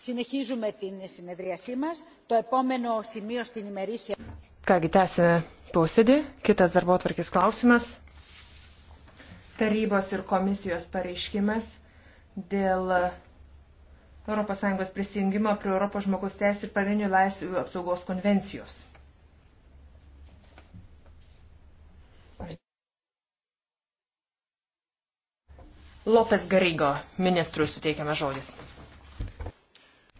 Συνεχίζουμε την συνεδρίασή μας. Το επόμενο σημείο στην ημερήσια... Kągi tęsime posėdį. Kitas darbo atvarkis klausimas. Tarybos ir komisijos pareiškimas dėl ES prisijungimo prie Europos žmogaus teisų ir pavienių laisvių apsaugos konvencijos. Lopes Garigo ministrui suteikiamas žodis.